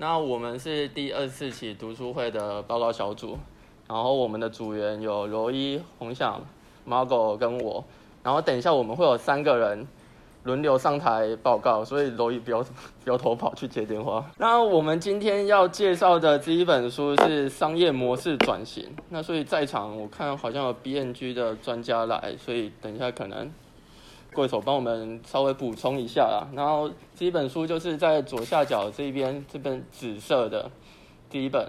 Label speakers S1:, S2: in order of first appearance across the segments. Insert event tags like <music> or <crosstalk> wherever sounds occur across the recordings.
S1: 那我們是第二十四期讀書會的報告小組，然後我們的組員有羅伊、洪響、貓狗跟我，然後等一下我們會有三個人輪流上台報告，所以羅伊不要不要偷跑去接電話。那我們今天要介紹的第一本書是《商業模式轉型》，那所以在場我看好像有 B N G 的專家來，所以等一下可能。貴手幫我們稍微補充一下啊，然後這一本書就是在左下角這邊，這本紫色的第一本。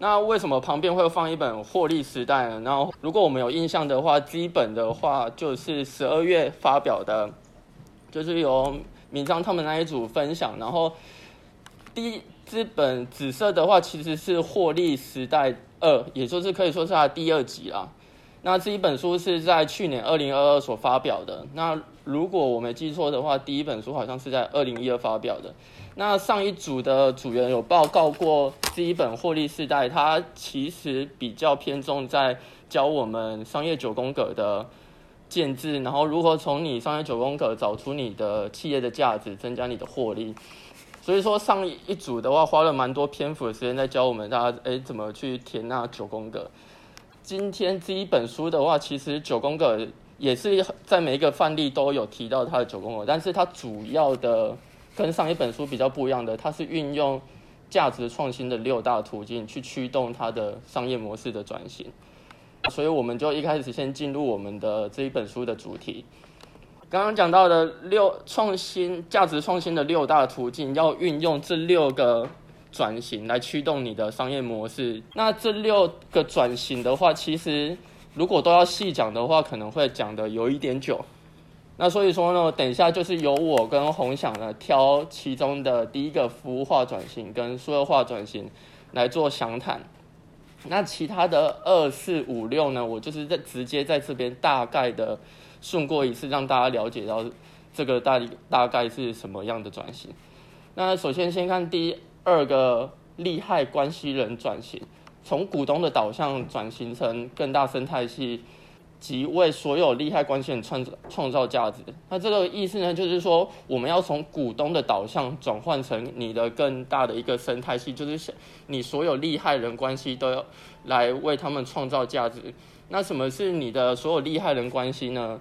S1: 那為什麼旁邊會放一本《獲利時代》呢？然後如果我們有印象的話，基本的話就是十二月發表的，就是由米倉他們那一組分享。然後第一，這本紫色的話，其實是《獲利時代二》，也就是可以說是它第二集啦。那這一本書是在去年二零二二所發表的。那如果我沒記錯的話，第一本書好像是在二零一二發表的。那上一組的組員有報告過，這一本《獲利世代》，它其實比較偏重在教我們商業九宮格的建制，然後如何從你商業九宮格找出你的企業的價值，增加你的獲利。所以說上一組的話，花了蠻多篇幅的時間在教我們大家，誒、欸、怎麼去填那九宮格。今天這一本書的話，其實九宮格。也是在每一個範例都有提到它的九宮格，但是它主要的跟上一本書比較不一樣的，它是運用價值創新的六大途徑去驅動它的商業模式的轉型。所以我們就一開始先進入我們的這一本書的主題。剛剛講到的六創新、價值創新的六大途徑，要運用這六個轉型來驅動你的商業模式。那這六個轉型的話，其實。如果都要細講的話，可能會講的有一點久。那所以說呢，等一下就是由我跟洪想呢挑其中的第一個服務化轉型跟數位化轉型來做詳談。那其他的二四五六呢，我就是在直接在這邊大概的順過一次，讓大家了解到這個大大概是什麼樣的轉型。那首先先看第二個利害關係人轉型。從股東的導向轉型成更大生態系，即為所有利害關係人創造創造價值。那這個意思呢，就是說我們要從股東的導向轉換成你的更大的一個生態系，就是你所有利害人關係都要來為他們創造價值。那什麼是你的所有利害人關係呢？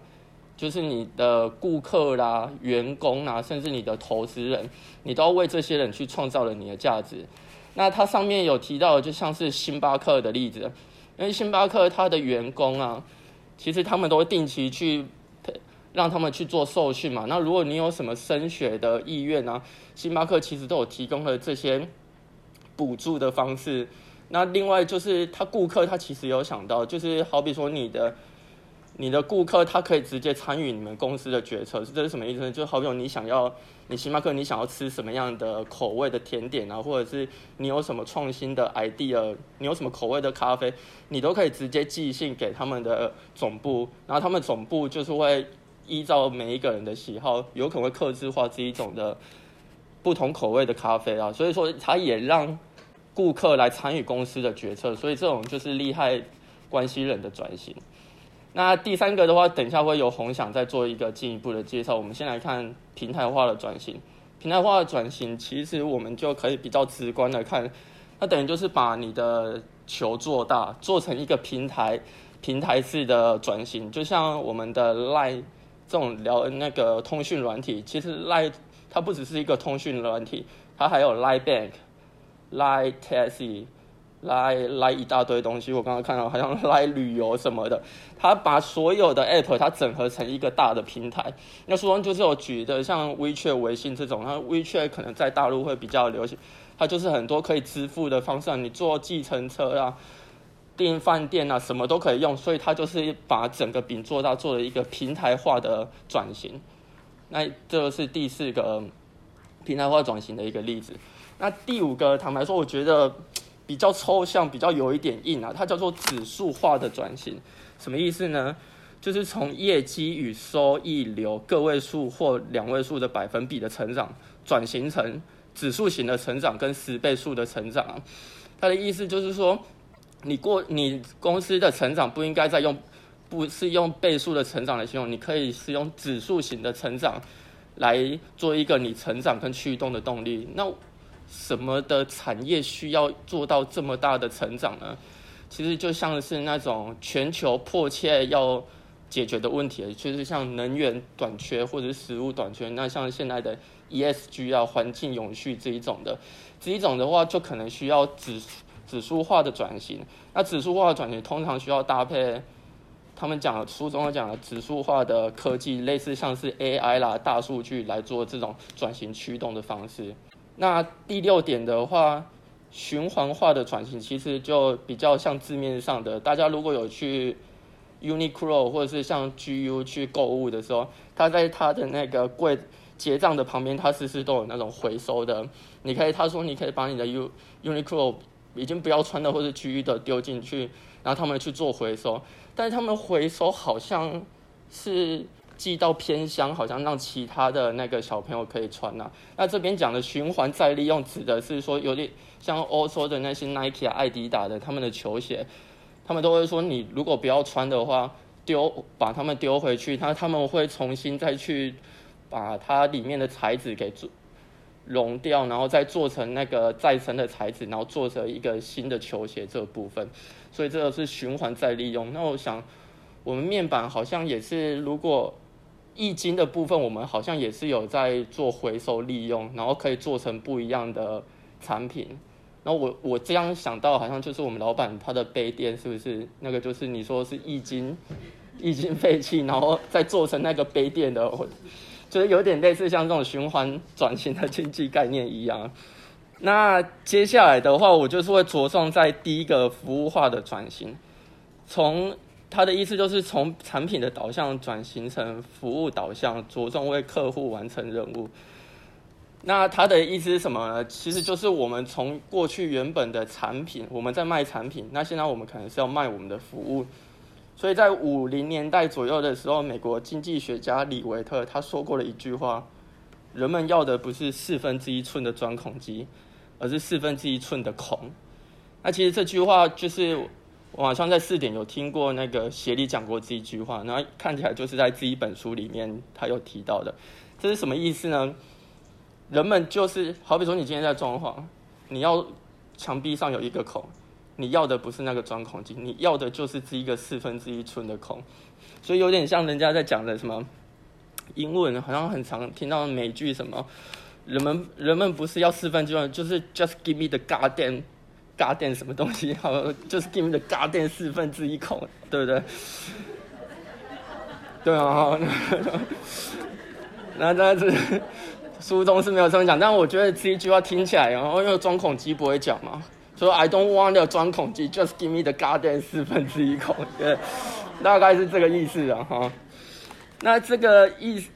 S1: 就是你的顧客啦、員工啦，甚至你的投資人，你都要為這些人去創造了你的價值。那它上面有提到，就像是星巴克的例子，因為星巴克它的員工啊，其實他們都會定期去，讓他們去做受訓嘛。那如果你有什麼升學的意願啊，星巴克其實都有提供了這些補助的方式。那另外就是他顧客，他其實有想到，就是好比說你的，你的顧客他可以直接參與你們公司的決策，這是什麼意思呢？就好比你想要，你星巴克你想要吃什麼樣的口味的甜點啊，或者是你有什麼創新的 idea，你有什麼口味的咖啡，你都可以直接寄信給他們的總部，然後他們總部就是會依照每一個人的喜好，有可能會客製化這一種的，不同口味的咖啡啊，所以說它也讓顧客來參與公司的決策，所以這種就是利害關係人的轉型。那第三個的話，等一下會有紅想再做一個進一步的介紹。我們先來看平台化的轉型。平台化的轉型，其實我們就可以比較直觀的看，那等於就是把你的球做大，做成一個平台，平台式的轉型。就像我們的 LINE 這種聊那個通訊軟體，其實 LINE 它不只是一個通訊軟體，它還有 LINE Bank、LINE Taxi。來來一大堆東西，我剛剛看到好像來旅遊什麼的。他把所有的 app，他整合成一個大的平台。那書中就是我舉的像 WeChat、微信這種，它 WeChat 可能在大陸會比較流行。它就是很多可以支付的方式，你坐計程車啊、訂飯店啊，什麼都可以用。所以它就是把整個餅做到做了一個平台化的轉型。那這是第四個平台化轉型的一個例子。那第五個，坦白說，我覺得。比較抽象，比較有一點硬啊，它叫做指數化的轉型，什麼意思呢？就是從業績與收益流個位數或兩位數的百分比的成長，轉型成指數型的成長跟十倍數的成長。它的意思就是說，你過你公司的成長不應該再用不是用倍數的成長來形容，你可以是用指數型的成長來做一個你成長跟驅動的動力。那什麼的產業需要做到這麼大的成長呢？其實就像是那種全球迫切要解決的問題，就是像能源短缺或者是食物短缺。那像現在的 E S G 要、啊、環境永續，這一種的，這一種的話就可能需要指數指數化的轉型。那指數化的轉型通常需要搭配他們講的書中講的指數化的科技，類似像是 A I 啦、大數據來做這種轉型驅動的方式。那第六點的話，循環化的轉型其實就比較像字面上的。大家如果有去 Uniqlo 或者是像 GU 去購物的時候，他在他的那個櫃結賬的旁邊，他時時都有那種回收的。你可以他說，你可以把你的 U Uniqlo 已經不要穿的或者 GU 的丟進去，然後他們去做回收。但是他們回收好像是。寄到偏鄉，好像讓其他的那個小朋友可以穿吶、啊。那這邊講的循環再利用，指的是說，有點像歐洲的那些 Nike 啊、愛迪達的他們的球鞋，他們都會說，你如果不要穿的話，丟把他們丟回去，他他們會重新再去把它裡面的材質給做融掉，然後再做成那個再生的材質，然後做成一個新的球鞋這個、部分。所以這個是循環再利用。那我想，我們面板好像也是，如果液晶的部分，我們好像也是有在做回收利用，然後可以做成不一樣的產品。然後我我這樣想到，好像就是我們老闆他的杯墊，是不是那個就是你說是液晶液晶廢棄，然後再做成那個杯墊的，就是有點類似像這種循環轉型的經濟概念一樣。那接下來的話，我就是會着重在第一個服務化的轉型，從。他的意思就是從產品的導向轉型成服務導向，着重為客戶完成任務。那他的意思是什麼呢？其實就是我們從過去原本的產品，我們在賣產品，那現在我們可能是要賣我們的服務。所以在五零年代左右的時候，美國經濟學家李維特他說過了一句話：“人們要的不是四分之一寸的鑽孔機，而是四分之一寸的孔。”那其實這句話就是。我好像在四點有聽過那個協力講過這一句話，然後看起來就是在這一本書裡面他有提到的。這是什麼意思呢？人們就是好比說，你今天在裝潢，你要牆壁上有一個孔，你要的不是那個鑽孔機，你要的就是這一個四分之一寸的孔，所以有點像人家在講的什麼英文，好像很常聽到美劇什麼，人們人們不是要四分之一就是 Just give me the garden。goddamn 什麼東西？好，就是 give me the goddamn 四分之一孔，對不對？ <laughs> 對啊， <laughs> <laughs> 那但、就是書中是沒有這麼講。但我覺得這一句話聽起來，然後又鑽孔機不會講嘛，所以說 I don't want the 鑽孔機，just give me the goddamn 四分之一孔，對,對， <laughs> 大概是這個意思啊。哈。那這個意思，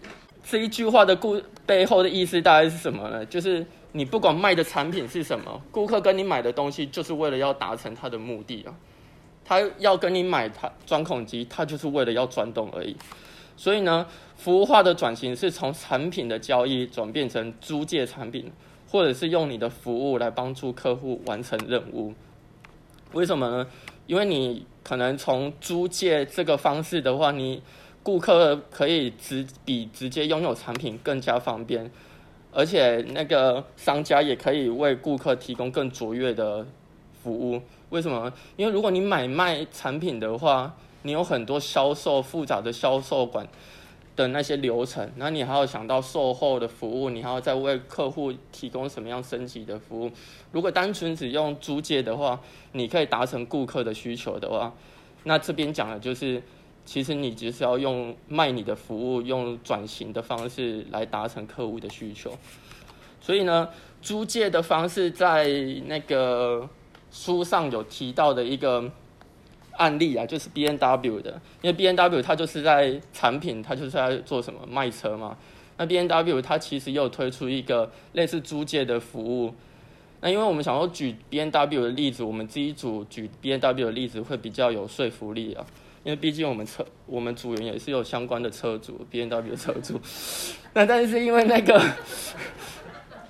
S1: 這一句話的故背後的意思大概是什麼呢？就是。你不管賣的產品是什麼，顧客跟你買的東西就是為了要達成他的目的啊。他要跟你買他鑽孔機，他就是為了要鑽洞而已。所以呢，服務化的轉型是從產品的交易轉變成租借產品，或者是用你的服務來幫助客戶完成任務。為什麼呢？因為你可能從租借這個方式的話，你顧客可以直比直接擁有產品更加方便。而且那個商家也可以為顧客提供更卓越的服務，為什麼？因為如果你買賣產品的話，你有很多銷售複雜的銷售管的那些流程，那你還要想到售後的服務，你還要再為客戶提供什麼樣升級的服務。如果單純只用租借的話，你可以達成顧客的需求的話，那這邊講的就是。其實你只是要用賣你的服務，用轉型的方式來達成客戶的需求。所以呢，租借的方式在那個書上有提到的一個案例啊，就是 BMW 的。因為 BMW 它就是在產品，它就是在做什麼賣車嘛。那 BMW 它其實又推出一個類似租借的服務。那因為我們想要舉 BMW 的例子，我們自己組舉 BMW 的例子會比較有說服力啊。因為畢竟我們車，我們組員也是有相關的車主，BMW 的車主。那但是因為那個，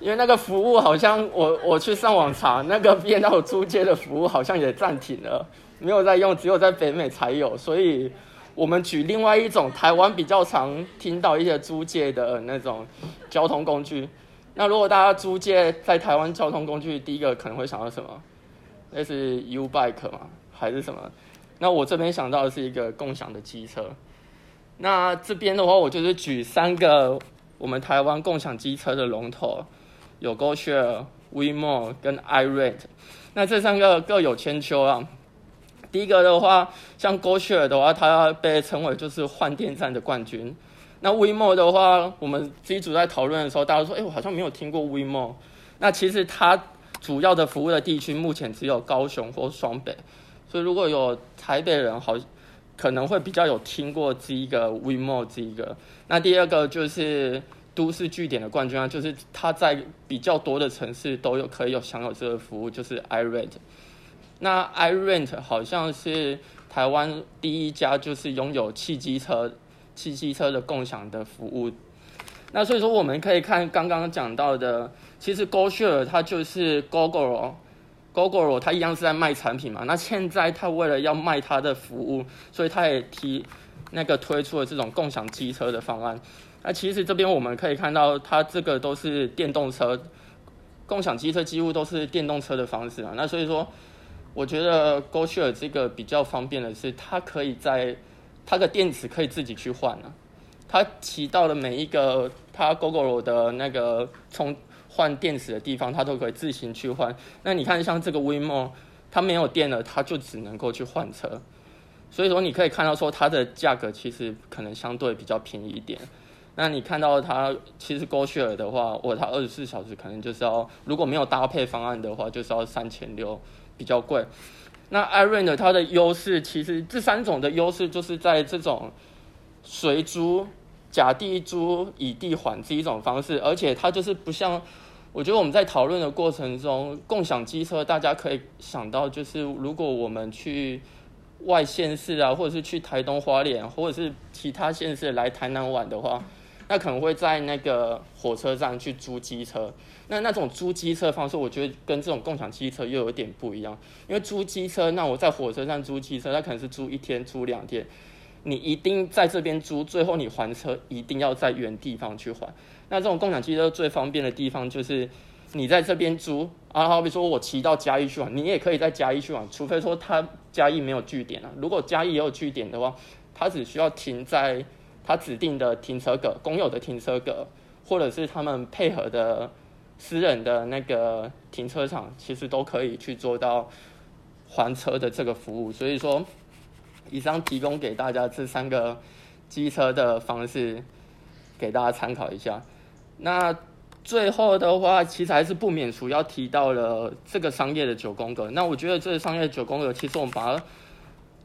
S1: 因為那個服務好像我我去上網查，那個 BMW 租借的服務好像也暫停了，沒有在用，只有在北美才有。所以我們舉另外一種台灣比較常聽到一些租借的那種交通工具。那如果大家租借在台灣交通工具，第一個可能會想到什麼？那是 YouBike 嗎？還是什麼？那我這邊想到的是一個共享的機車，那這邊的話，我就是舉三個我們台灣共享機車的龍頭，有 GoShare、WeMo 跟 iRent。那這三個各有千秋啊。第一個的話，像 GoShare 的話，它被稱為就是換電站的冠軍。那 WeMo 的話，我們機組在討論的時候，大家說，哎、欸，我好像沒有聽過 WeMo。那其實它主要的服務的地區目前只有高雄或雙北。所以如果有台北人，好，可能會比較有聽過這一個 WeMo 這一個。那第二個就是都市據點的冠軍啊，就是它在比較多的城市都有可以有享有這個服務，就是 iRent，那 iRent 好像是台灣第一家，就是擁有汽機車、汽機車的共享的服務。那所以說，我們可以看剛剛講到的，其實 GoShare 它就是 Gogoro GoGo 羅，它一樣是在賣產品嘛？那現在它為了要賣它的服務，所以它也提那個推出了這種共享機車的方案。那其實這邊我們可以看到，它這個都是電動車，共享機車幾乎都是電動車的方式啊。那所以說，我覺得 GoShare 這個比較方便的是，它可以在它的電池可以自己去換啊。它提到的每一個它 GoGo 羅的那個充。換電池的地方，它都可以自行去換。那你看，像這個 WeMo 它沒有電了，它就只能夠去換車。所以說，你可以看到說它的價格其實可能相對比較便宜一點。那你看到它其實過去了的話，我它二十四小時可能就是要，如果沒有搭配方案的話，就是要三千六，比較貴。那艾瑞的它的優勢，其實這三種的優勢就是在這種隨租甲地租乙地還這一種方式，而且它就是不像。我覺得我們在討論的過程中，共享機車，大家可以想到，就是如果我們去外縣市啊，或者是去台東花蓮，或者是其他縣市來台南玩的話，那可能會在那個火車站去租機車。那那種租機車的方式，我覺得跟這種共享機車又有點不一樣。因為租機車，那我在火車站租機車，那可能是租一天、租兩天，你一定在這邊租，最後你還車，一定要在原地方去還。那這種共享機車最方便的地方就是，你在這邊租啊，好比說我騎到嘉義去玩，你也可以在嘉義去玩，除非說他嘉義沒有據點啊。如果嘉義也有據點的話，他只需要停在他指定的停車格、公有的停車格，或者是他們配合的私人的那個停車場，其實都可以去做到還車的這個服務。所以說，以上提供給大家這三個機車的方式，給大家參考一下。那最後的話，其實還是不免除要提到了這個商業的九宮格。那我覺得這個商業九宮格，其實我們把它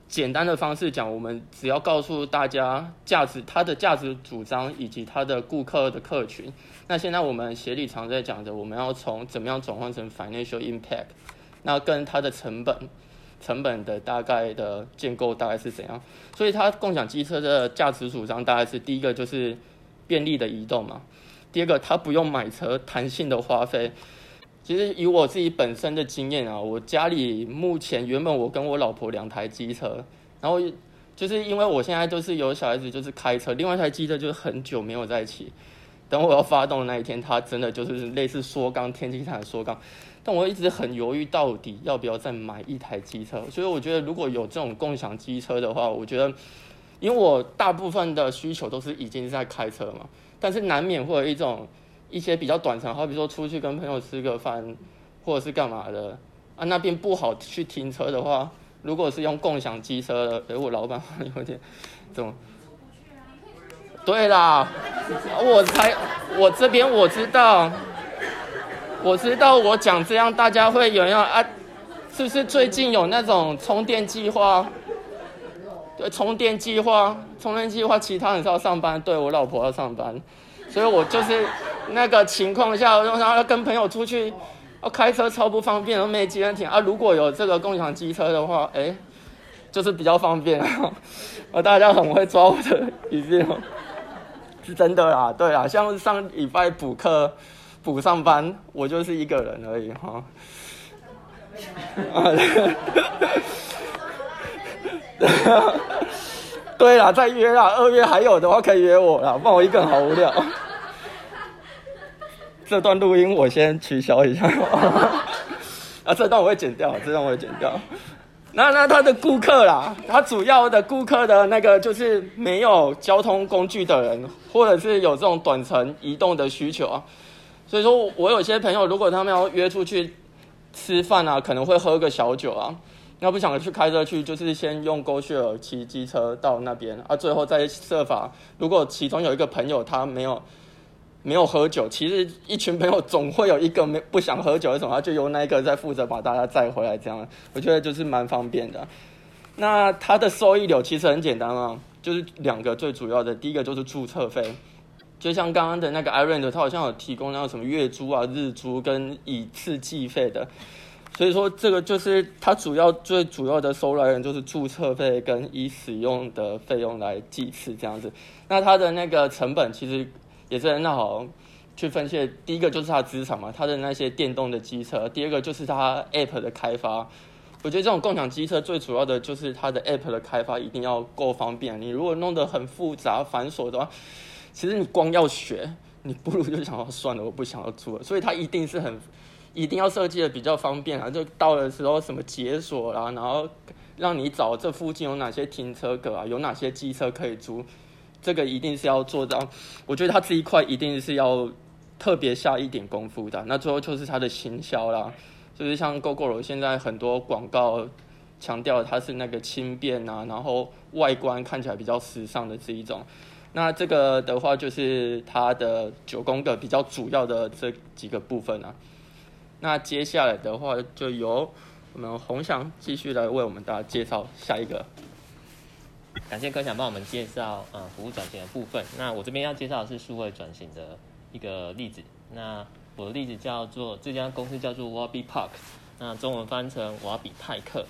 S1: 簡單的方式講，我們只要告訴大家價值它的價值主張以及它的顧客的客群。那現在我們協理常在講的，我們要從怎麼樣轉換成 financial impact，那跟它的成本，成本的大概的建構大概是怎樣？所以它共享機車的價值主張大概是第一個就是便利的移動嘛。第二個，他不用買車，彈性的花費。其實以我自己本身的經驗啊，我家裡目前原本我跟我老婆兩台機車，然後就是因為我現在都是有小孩子，就是開車，另外一台機車就是很久沒有在騎。等我要發動那一天，它真的就是類似縮缸，天氣的縮缸。但我一直很猶豫到底要不要再買一台機車，所以我覺得如果有這種共享機車的話，我覺得。因為我大部分的需求都是已經在開車嘛，但是難免會有一種一些比較短程，好比如說出去跟朋友吃個飯，或者是幹嘛的啊，那邊不好去停車的話，如果是用共享機車的，哎，我老板有點怎麼？對啦，我才我這邊我知道，我知道我講這樣大家會有人啊，是不是最近有那種充電計劃？對充電計劃，充電計劃，其他人是要上班，對我老婆要上班，所以我就是那個情況下，然後要跟朋友出去，要、哦、開車超不方便，都沒機車停啊。如果有這個共享機車的話，哎，就是比較方便、啊。大家很會抓我的，一定 <laughs> 是真的啦，對啊，像上禮拜補課、補上班，我就是一個人而已，哈、啊。 <laughs> 啊對 <laughs> <laughs> 對啊，對啦，再約啦，二月還有的話可以約我啦，放我一個人好無聊。 <laughs> 這段錄音我先取消一下 <laughs> 啊，這段我會剪掉，這段我會剪掉。那那他的顧客啦，他主要的顧客的那個就是沒有交通工具的人，或者是有這種短程移動的需求啊。所以說我有些朋友，如果他們要約出去吃飯啊，可能會喝個小酒啊。要不想去開車去，就是先用 GoShare 騎機車到那邊，啊，最後再設法。如果其中有一個朋友他沒有沒有喝酒，其實一群朋友總會有一個沒不想喝酒的時候，就由那個再負責把大家載回來。這樣我覺得就是蠻方便的。那它的收益流其實很簡單啊，就是兩個最主要的，第一個就是註冊費，就像剛剛的那個 iRent，他好像有提供那個什麼月租啊、日租跟以次計費的。所以說，這個就是它主要、最主要的收入來源，就是註冊費跟已使用的費用來計次這樣子。那它的那個成本其實也是很好去分析。第一個就是它資產嘛，它的那些電動的機車；第二個就是它 app 的開發。我覺得這種共享機車最主要的就是它的 app 的開發一定要夠方便。你如果弄得很複雜繁瑣的話，其實你光要學，你不如就想要算了，我不想要做了。所以它一定是很。一定要設計的比較方便啊，就到的時候什麼解鎖啦，然後讓你找這附近有哪些停車格啊，有哪些機車可以租，這個一定是要做到。我覺得它這一塊一定是要特別下一點功夫的啊。那最後就是它的行銷啦，就是像 Gogoro 現在很多廣告強調它是那個輕便啊，然後外觀看起來比較時尚的這一種。那這個的話就是它的九宮格比較主要的這幾個部分啊。那接下來的話，
S2: 就由我們紅翔繼續來為我們大家介紹下一個。感謝科想幫我們介紹啊、呃，服務轉型的部分。那我這邊要介紹的是數位轉型的一個例子。那我的例子叫做這家公司叫做 Warby Park，那中文翻成瓦比泰克。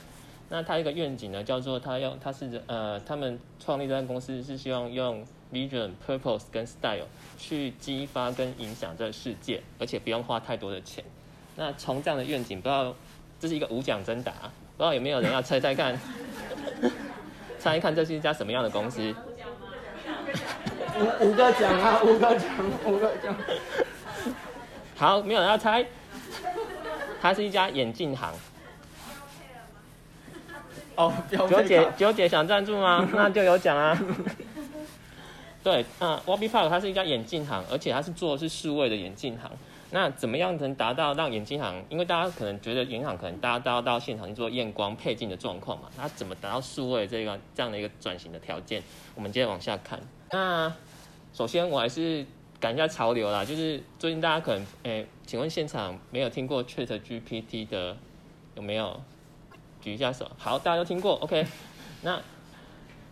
S2: 那他一個願景呢，叫做他用他是呃，他們創立這家公司是希望用 Vision、Purpose 跟 Style 去激發跟影響這個世界，而且不用花太多的錢。那從這樣的願景，不知道這是一個無獎徵答，不知道有沒有人要猜猜看，猜看這是一家什麼樣的公司？
S1: 五五個獎啊，五個獎，
S2: 五個獎。好，沒有人要猜，它是一家眼鏡行。OK 啊、哦九，九姐九姐想贊助嗎？那就有獎啊。 <laughs> 對，那 Wabi Park 它是一家眼鏡行，而且它是做的是數位的眼鏡行。那怎麼樣能達到讓眼鏡行，因為大家可能覺得銀行可能大家都要到現場去做驗光配鏡的狀況嘛？那怎麼達到數位這個這樣的一個轉型的條件？我們接着往下看。那首先我還是趕一下潮流啦，就是最近大家可能誒、欸，請問現場沒有聽過 Chat GPT 的有沒有？舉一下手。好，大家都聽過。OK，那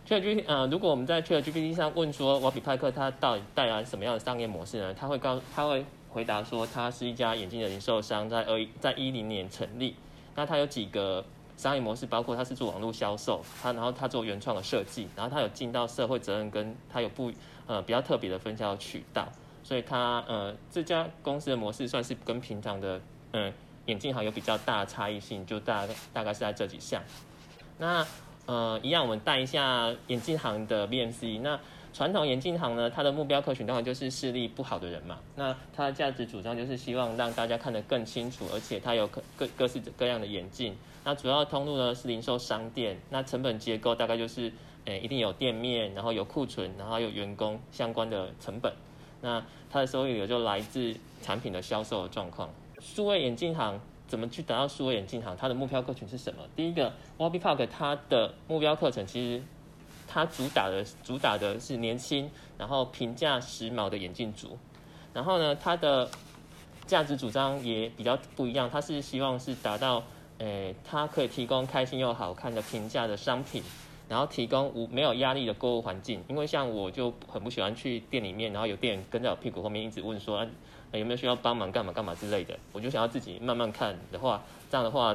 S2: Chat GPT 啊，如果我們在 Chat GPT 上問說，瓦比派克他到底帶來什麼樣的商業模式呢？他會告，他會。回答說，他是一家眼鏡的零售商，在二，在一零年成立。那他有幾個商業模式，包括他是做網絡銷售，他然後他做原創的設計，然後他有盡到社會責任，跟他有不呃比較特別的分銷的渠道。所以他，他呃這家公司的模式算是跟平常的嗯、呃、眼鏡行有比較大的差異性，就大概大概是在這幾項。那呃一樣，我們帶一下眼鏡行的 BMC 那。傳統眼鏡行呢，它的目標客群當然就是視力不好的人嘛。那它的價值主張就是希望讓大家看得更清楚，而且它有各各式各樣的眼鏡。那主要通路呢，是零售商店。那成本結構大概就是，誒，一定有店面，然後有庫存，然後有員工相關的成本。那它的收益流就來自產品的銷售的狀況。數位眼鏡行怎麼去達到數位眼鏡行，它的目標客群是什麼？第一個 Warby Parker 它的目標客群其實，它主打的主打的是年輕，然後平價、時髦的眼鏡族。然後呢，它的價值主張也比較不一樣，它是希望是達到，誒、欸，它可以提供開心又好看的平價的商品，然後提供無沒有壓力的購物環境。因為像我就很不喜歡去店裡面，然後有店員跟在我屁股後面一直問說，啊欸，有沒有需要幫忙、幹嘛幹嘛之類的。我就想要自己慢慢看的話，這樣的話，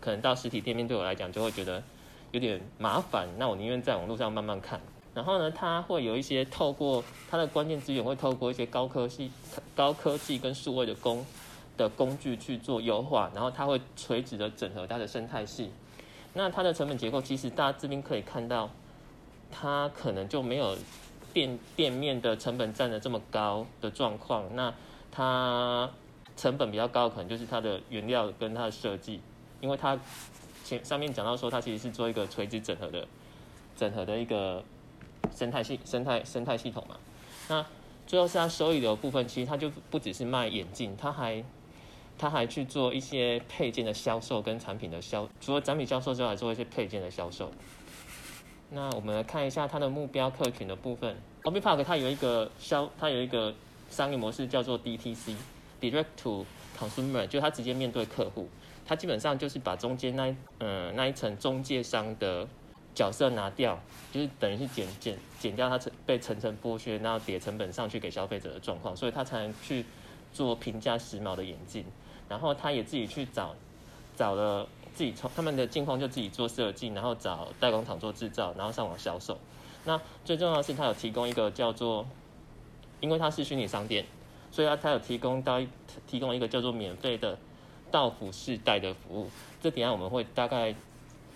S2: 可能到實體店面，對我來講就會覺得。有點麻煩，那我寧願在網絡上慢慢看。然後呢，它會有一些透過它的關鍵資源，會透過一些高科技、高科技跟數位的工的工具去做優化。然後它會垂直的整合它的生態系。那它的成本結構其實大家這邊可以看到，它可能就沒有店店面的成本佔得這麼高的狀況。那它成本比較高的，可能就是它的原料跟它的設計，因為它。前上面講到說，它其實是做一個垂直整合的、整合的一個生態系、生態生態系統嘛。那最後是它收益的部分，其實它就不只是賣眼鏡，它還、它還去做一些配件的銷售跟產品的銷，除了產品銷售之外，還做一些配件的銷售。那我們來看一下它的目標客群的部分。Warby Parker 它有一個銷，它有一個商業模式叫做 DTC（Direct to Consumer），就它直接面對客戶。他基本上就是把中間那嗯那一層、嗯、中介商的角色拿掉，就是等於是減減減掉他層被層層剝削，然後疊成本上去給消費者的狀況，所以他才能去做平價時髦的眼鏡。然後他也自己去找找了自己從他們的鏡框就自己做設計，然後找代工廠做制造，然後上網銷售。那最重要的是，他有提供一個叫做，因為它是虛擬商店，所以啊他有提供到提供一個叫做免費的。到府試戴的服務，這點我們會大概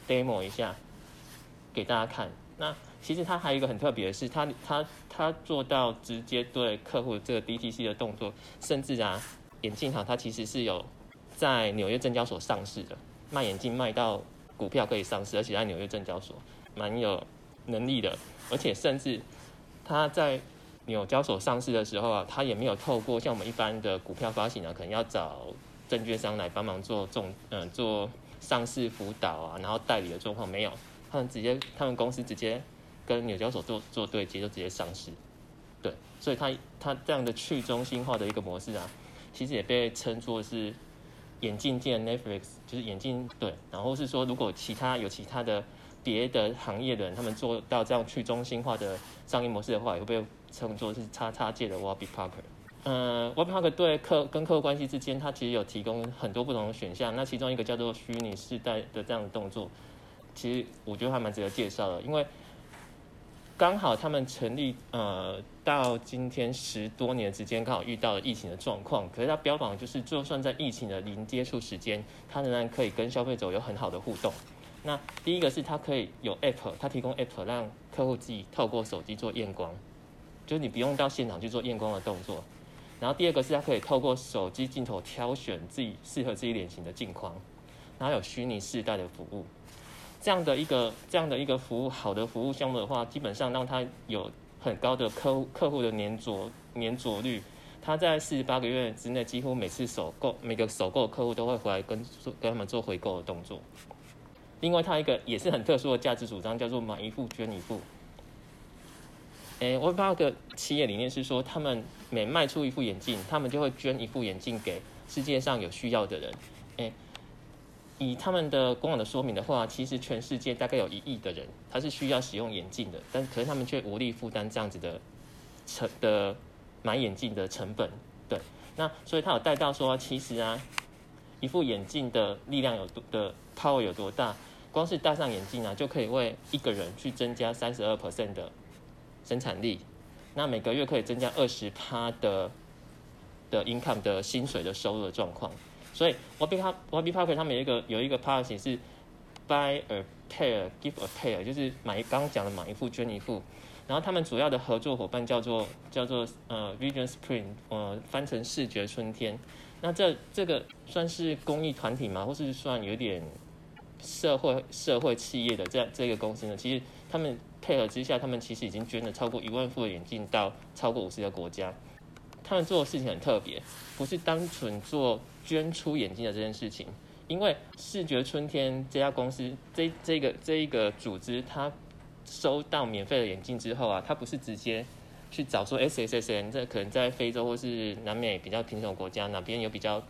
S2: demo 一下，給大家看。那其實它還有一個很特別的是，它它它做到直接對客戶這個 DTC 的動作，甚至啊，眼鏡廠它其實是有在紐約證交所上市的，賣眼鏡賣到股票可以上市，而且在紐約證交所蠻有能力的。而且甚至它在紐交所上市的時候啊，它也沒有透過像我們一般的股票發行啊，可能要找。證券商來幫忙做中，嗯，做上市輔導啊，然後代理的狀況沒有，他們直接，他們公司直接跟紐交所做做對接，就直接上市，對，所以他他這樣的去中心化的一個模式啊，其實也被稱作是眼鏡界 Netflix，就是眼鏡，對，然後是說如果其他有其他的別的行業的人他們做到這樣去中心化的商業模式的話，也會被稱作是叉叉界的 Warby Parker。嗯 Warby Parker 對客跟客戶關係之間，它其實有提供很多不同的選項。那其中一個叫做虛擬試戴的這樣的動作，其實我覺得還蠻值得介紹的，因為剛好他們成立呃到今天十多年之間，剛好遇到了疫情的狀況。可是它標榜就是就算在疫情的零接觸時間，它仍然可以跟消費者有很好的互動。那第一個是它可以有 App，它提供 App 讓客戶自己透過手機做驗光，就是你不用到現場去做驗光的動作。然後第二個是他可以透過手機鏡頭挑選自己適合自己臉型的鏡框，然後有虛擬試戴的服務，這樣的一個這樣的一個服務好的服務項目的話，基本上讓他有很高的客戶客戶的黏著黏著率，他在四十八個月之內幾乎每次首購每個首購的客戶都會回來跟跟他們做回購的動作。另外他一個也是很特殊的價值主張叫做買一副捐一副。誒 Vogue 的企業理念是說，他們每賣出一副眼鏡，他們就會捐一副眼鏡給世界上有需要的人。誒，以他們的官網的說明的話，其實全世界大概有一億的人，他是需要使用眼鏡的，但可是他們卻無力負擔這樣子的成的買眼鏡的成本。對，那所以他有帶到說，其實啊，一副眼鏡的力量有多的 power 有多大？光是戴上眼鏡啊，就可以為一個人去增加三十二 percent 的。生產力，那每個月可以增加二十趴的的 income 的薪水的收入的狀況。所以 Warby Parker，Warby Parker 他們有一個有一個 policy 是 buy a pair，give a pair，就是買一剛講的買一副捐一副。然後他們主要的合作夥伴叫做叫做呃 Vision Spring，呃翻成視覺春天。那這這個算是公益團體嗎？或是算有點社會社會企業的這這個公司呢？其實他們。配合之下，他們其實已經捐了超過一萬副的眼鏡到超過五十個國家。他們做的事情很特別，不是單純做捐出眼鏡的這件事情。因為視覺春天這家公司，這這個這一個組織，它收到免費的眼鏡之後啊，它不是直接去找說，誰誰誰，這可能在非洲或是南美比較貧窮的國家哪邊有比較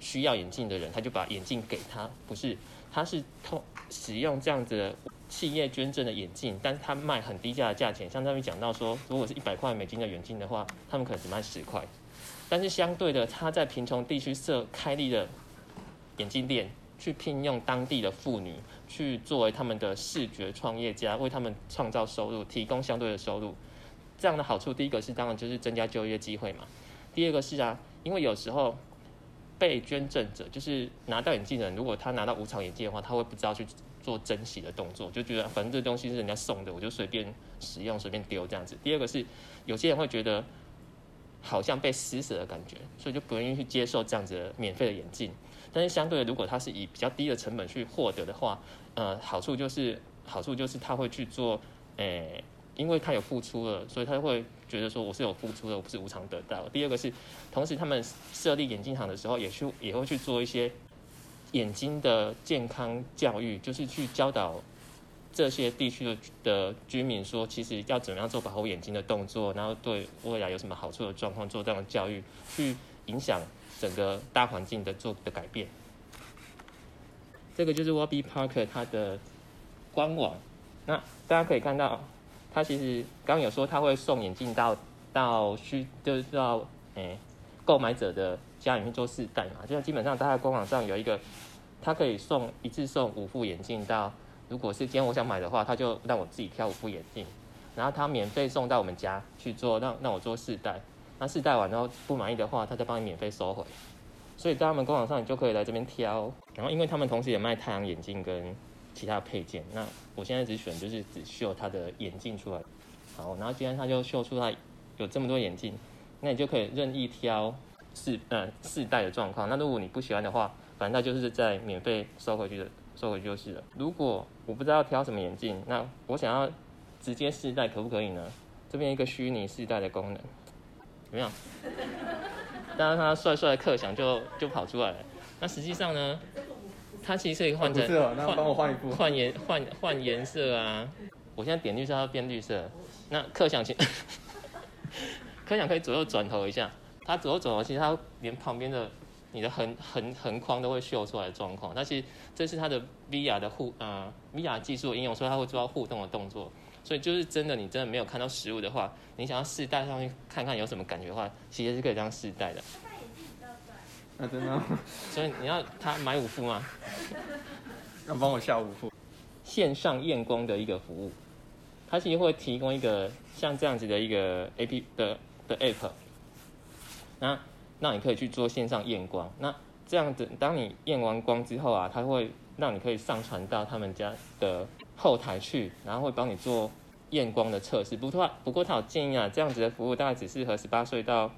S2: 需要眼鏡的人，他就把眼鏡給他，不是。他是通使用這樣子的企業捐贈的眼鏡，但他賣很低價的價錢，相當於講到說，如果是一百塊美金的眼鏡的話，他們可能只賣十塊。但是相對的，他在貧窮地區設開立的眼鏡店，去聘用當地的婦女去作為他們的視覺創業家，為他們創造收入，提供相對的收入。這樣的好處，第一個是當然就是增加就業機會嘛。第二個是啊，因為有時候。被捐贈者就是拿到眼鏡的人，如果他拿到無償眼鏡的話，他會不知道去做珍惜的動作，就覺得反正這東西是人家送的，我就隨便使用、隨便丟這樣子。第二個是，有些人會覺得好像被施捨的感覺，所以就不願意去接受這樣子的免費的眼鏡。但是相對的，如果他是以比較低的成本去獲得的話，呃，好處就是好處就是他會去做，誒。因為他有付出了，所以他就會覺得說我是有付出的，我不是無償得到。第二個是，同時他們設立眼鏡廠的時候，也去也會去做一些眼睛的健康教育，就是去教導這些地區的的居民說，其實要怎麼樣做保護眼睛的動作，然後對未來有什麼好處的狀況，做這樣的教育，去影響整個大環境的做的改變。這個就是 Warby Parker 它的官網，那大家可以看到。他其實剛有說他會送眼鏡到到需就是到誒購、欸、買者的家裡面去做試戴嘛，就是基本上大家官網上有一個，他可以送一次送五副眼鏡到，如果是今天我想買的話，他就讓我自己挑五副眼鏡，然後他免費送到我們家去做，讓讓我做試戴，那試戴完之後不滿意的話，他就幫你免費收回，所以在他們官網上你就可以來這邊挑，然後因為他們同時也賣太陽眼鏡跟其他配件，那我現在只選就是只秀它的眼鏡出來，好，然後既然他就秀出來有這麼多眼鏡，那你就可以任意挑試，嗯、呃，試戴的狀況。那如果你不喜歡的話，反正他就是在免費收回去的，收回去就是了。如果我不知道要挑什麼眼鏡，那我想要直接試戴可不可以呢？這邊一個虛擬試戴的功能，怎麼樣？大家 <laughs> 看他帥帥的刻想就就跑出來了。那實際上呢？它其實可以換成，換我換一步，換顏換換顏色啊！ <laughs> 我現在點綠色它變綠色。 <laughs> 那刻想去，刻想可以左右轉頭一下，它左右轉頭其實它連旁邊的你的橫橫橫框都會秀出來的狀況。那其實這是它的 VR 的互啊、呃、，VR 技術的應用，所以它會做到互動的動作。所以就是真的，你真的沒有看到實物的話，你想要試戴上去看看有什麼感覺的話，其實是可以這樣試戴的。真的， <laughs> 所以你要他買五副嗎？要幫我下五副線上驗光的一個服務，他其實會提供一個像這樣子的一個 A P 的的 App，那那你可以去做線上驗光，那這樣子當你驗完光之後啊，他會讓你可以上傳到他們家的後台去，然後會幫你做驗光的測試。不過他不過他有建議啊，這樣子的服務大概只適合十八歲到。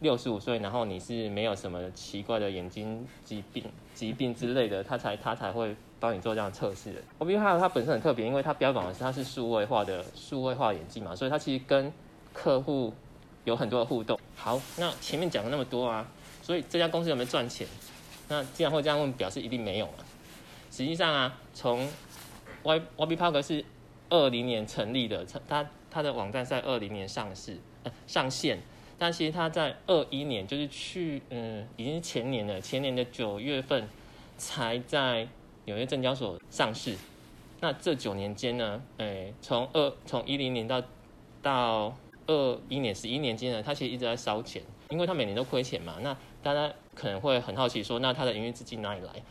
S2: 六十五歲，然後你是沒有什麼奇怪的眼睛疾病疾病之類的，他才他才會幫你做這樣測試的。Warby Parker 它本身很特別，因為它標榜的是它是數位化的數位化眼鏡嘛，所以它其實跟客戶有很多的互動。好，那前面講了那麼多啊，所以這家公司有沒有賺錢？那既然會這樣問，表示一定沒有啊。實際上啊，從 Warby Parker 是二零年成立的，它它的網站在二零年上市，呃、上線。但其實他在二一年，就是去，嗯，已經是前年了，前年的九月份才在紐約證交所上市。那這九年間呢，誒、欸，從二從一零年到到二一年十一年間呢，他其實一直在燒錢，因為他每年都虧錢嘛。那大家可能會很好奇說，那他的營運資金哪裡來？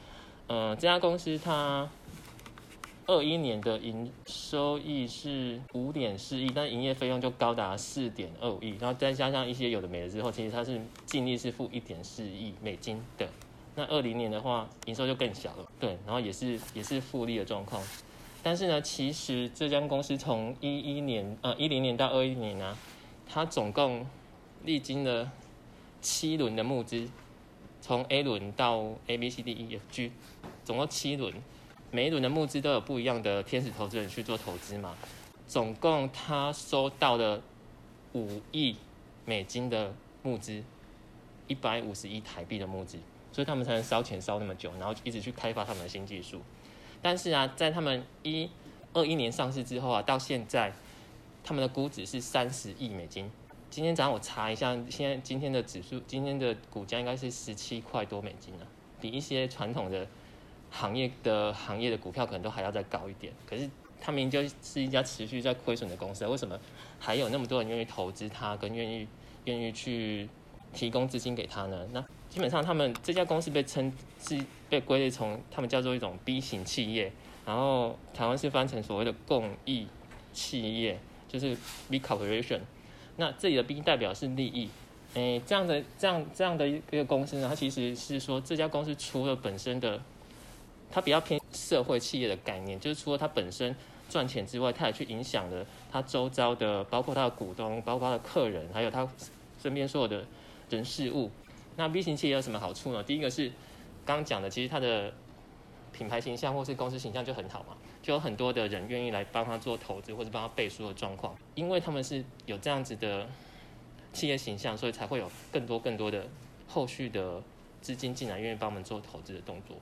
S2: 嗯，這家公司它。二一年的營收益是五點四億，但營業費用就高達四點二五億，然後再加上一些有的沒的之後，其實它是淨利是負一點四億美金的。那二零年的話，營收就更小了，對，然後也是也是負利的狀況。但是呢，其實這家公司從一一年呃一零年到二一年啊，它總共歷經了七輪的募資，從 A 輪到 A B C D E F G，總共七輪。每一輪的募資都有不一樣的天使投資人去做投資嘛，總共他收到了五億美金的募資，一百五十億台幣的募資，所以他們才能燒錢燒那麼久，然後一直去開發他們的新技術。但是啊，在他們一二一年上市之後啊，到現在他們的估值是三十億美金。今天早上我查一下，現在今天的指數，今天的股價應該是十七塊多美金啊，比一些傳統的。行業的行業的股票可能都還要再高一點，可是他們就是一家持續在虧損的公司，為什麼還有那麼多人願意投資它，跟願意願意去提供資金給他呢？那基本上他們這家公司被稱是被歸類，從他們叫做一種 B 型企業，然後台灣是翻成所謂的共益企業，就是 B corporation。那這裡的 B 代表是利益，誒，這樣的這樣這樣的一個公司呢，它其實是說這家公司除了本身的他比較偏社會企業的概念，就是除了他本身賺錢之外，他也去影響了他周遭的，包括他的股東、包括他的客人，還有他身邊所有的人事物。那 B 型企業有什麼好處呢？第一個是剛剛講的，其實他的品牌形象或是公司形象就很好嘛，就有很多的人願意來幫他做投資或是幫他背書的狀況，因為他們是有這樣子的企業形象，所以才會有更多更多的後續的資金進來，願意幫我們做投資的動作。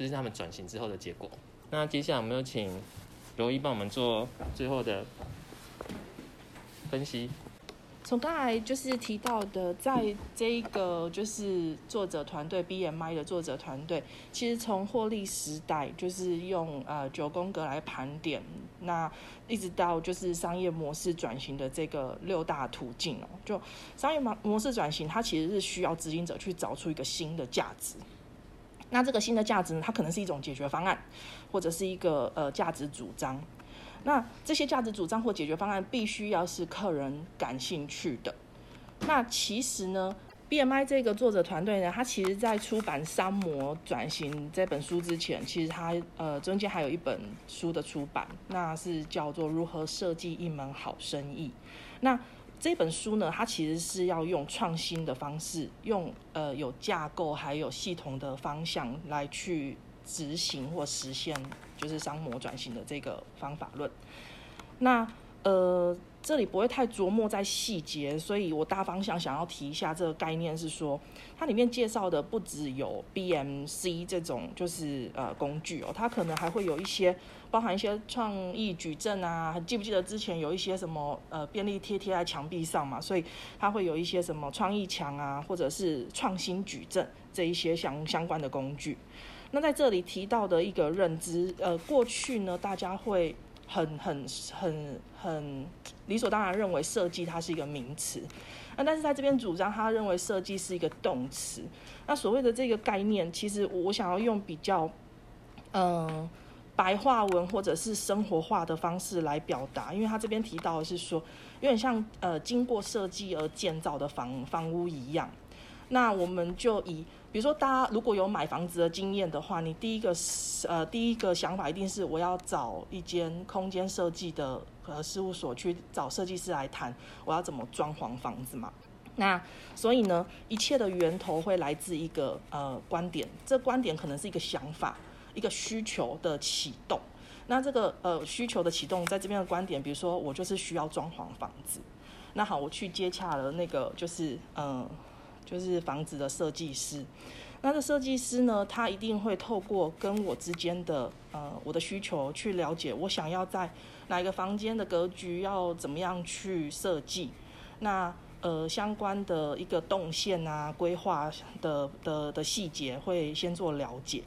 S2: 這是他們轉型之後的結果。那接下來我們有請劉一幫我們做最後的分析。
S3: 從剛才就是提到的，在這一個就是作者團隊 BMI 的作者團隊，其實從獲利時代就是用呃九宮格來盤點，那一直到就是商業模式轉型的這個六大途徑哦，就商業模模式轉型，它其實是需要執行者去找出一個新的價值。那這個新的價值呢，它可能是一種解決方案，或者是一個呃價值主張。那這些價值主張或解決方案必須要是客人感興趣的。那其實呢，BMI 這個作者團隊呢，他其實在出版商模轉型這本書之前，其實他呃中間還有一本書的出版，那是叫做如何設計一門好生意。那這本書呢，它其實是要用創新的方式，用呃有架構還有系統的方向來去執行或實現，就是商模轉型的這個方法論。那呃。這裡不會太琢磨在細節，所以我大方向想，想要提一下這個概念是說，它裡面介紹的不只有 BMC 這種就是呃工具哦，它可能還會有一些包含一些創意矩陣啊，還記不記得之前有一些什麼呃便利貼貼在牆壁上嘛？所以它會有一些什麼創意牆啊，或者是創新矩陣這一些相相關的工具。那在這裡提到的一個認知，呃，過去呢大家會。很很很很理所當然認為設計它是一個名詞，那、啊、但是在這邊主張，他認為設計是一個動詞。那所謂的這個概念，其實我想要用比較嗯、呃、白話文或者是生活化的方式來表達，因為他這邊提到的是說，有點像呃經過設計而建造的房房屋一樣。那我們就以。比如說，大家如果有買房子的經驗的話，你第一個呃，第一個想法一定是我要找一間空間設計的呃事務所，去找設計師來談，我要怎麼裝潢房子嘛。那所以呢，一切的源頭會來自一個呃觀點，這觀點可能是一個想法，一個需求的啟動。那這個呃需求的啟動，在這邊的觀點，比如說我就是需要裝潢房子。那好，我去接洽了那個就是嗯。呃就是房子的設計師，那個設計師呢，他一定會透過跟我之間的呃，我的需求去了解，我想要在哪一個房間的格局要怎麼樣去設計，那呃相關的一個動線啊規劃的的的細節會先做了解，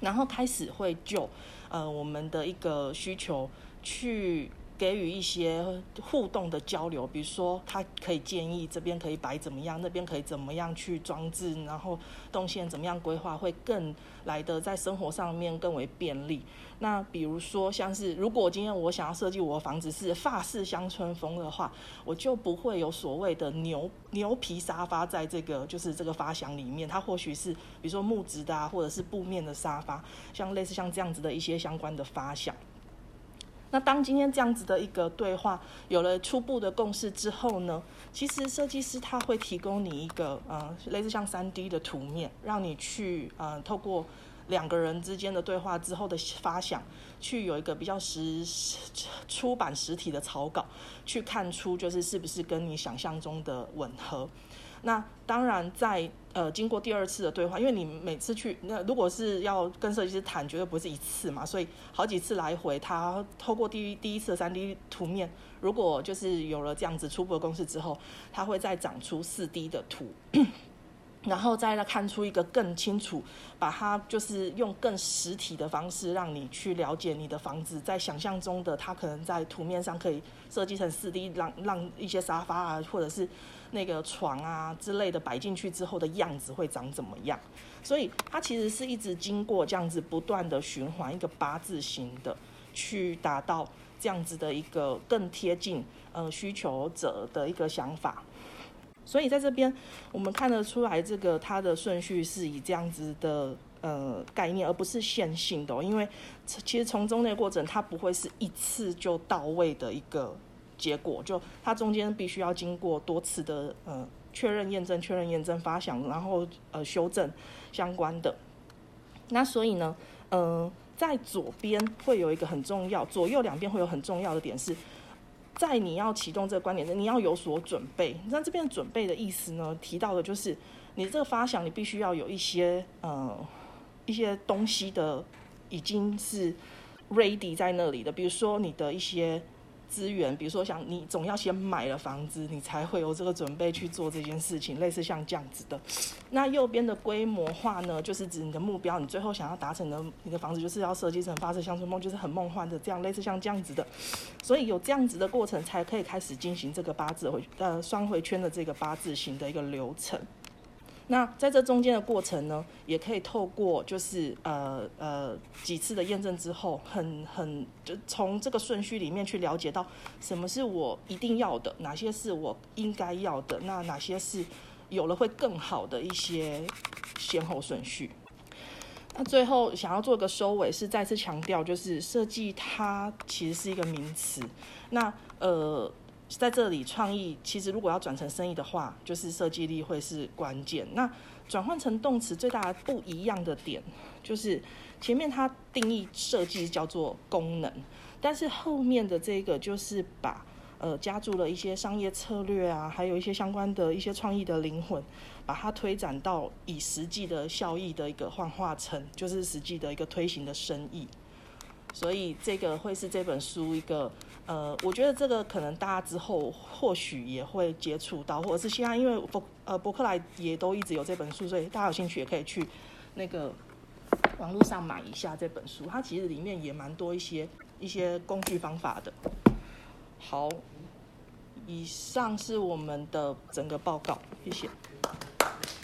S3: 然後開始會就呃我們的一個需求去。給予一些互動的交流，比如說他可以建議這邊可以擺怎麼樣，那邊可以怎麼樣去裝置，然後動線怎麼樣規劃會更來得在生活上面更為便利。那比如說像是如果今天我想要設計我的房子是法式鄉村風的話，我就不會有所謂的牛牛皮沙發在這個就是這個發想裡面，它或許是比如說木質的啊，或者是布面的沙發，像類似像這樣子的一些相關的發想。那當今天這樣子的一個對話有了初步的共識之後呢，其實設計師他會提供你一個，嗯、呃，類似像 3D 的圖面，讓你去，嗯、呃，透過兩個人之間的對話之後的發想，去有一個比較實，實出版實體的草稿，去看出就是是不是跟你想象中的吻合。那當然在，在呃經過第二次的對話，因為你每次去，那如果是要跟設計師談，絕對不會是一次嘛，所以好幾次來回，他透過第第一次的三 D 圖面，如果就是有了這樣子初步的公式之後，他會再長出四 D 的圖，然後再來看出一個更清楚，把它就是用更實體的方式讓你去了解你的房子在想象中的，它可能在圖面上可以設計成四 D，讓讓一些沙發啊或者是。那個床啊之類的擺進去之後的樣子會長怎麼樣？所以它其實是一直經過這樣子不斷的循環，一個八字形的，去達到這樣子的一個更貼近呃需求者的一個想法。所以在這邊我們看得出來，這個它的順序是以這樣子的呃概念，而不是線性的哦。因為其實從中那個過程它不會是一次就到位的一個。結果就它中間必須要經過多次的呃確認、驗證、確認、驗證、發想，然後呃修正相關的。那所以呢，嗯、呃，在左邊會有一個很重要，左右兩邊會有很重要的點是，在你要啟動這個觀點，你要有所準備。那這邊準備的意思呢，提到的就是你這個發想，你必須要有一些呃一些東西的已經是 ready 在那裡的，比如說你的一些。資源，比如說像你總要先買了房子，你才會有這個準備去做這件事情，類似像這樣子的。那右邊的規模化呢，就是指你的目標，你最後想要達成的，你的房子就是要設計成發射鄉村夢，就是很夢幻的，這樣類似像這樣子的。所以有這樣子的過程，才可以開始進行這個八字回呃雙回圈的這個八字形的一個流程。那在這中間的過程呢，也可以透過就是呃呃幾次的驗證之後，很很就從這個順序裡面去了解到什麼是我一定要的，哪些是我應該要的，那哪些是有了會更好的一些先後順序。那最後想要做一個收尾，是再次強調，就是設計它其實是一個名詞。那呃。在這裡，創意其實如果要轉成生意的話，就是設計力會是關鍵。那轉換成動詞最大的不一樣的點，就是前面它定義設計叫做功能，但是後面的這個就是把呃加註了一些商業策略啊，還有一些相關的一些創意的靈魂，把它推展到以實際的效益的一個幻化成，就是實際的一個推行的生意。所以這個會是這本書一個。呃，我覺得這個可能大家之後或許也會接觸到，或者是現在，因為博呃博客來也都一直有這本書，所以大家有興趣也可以去那個網絡上買一下這本書。它其實裡面也蠻多一些一些工具方法的。好，以上是我們的整個報告，謝謝。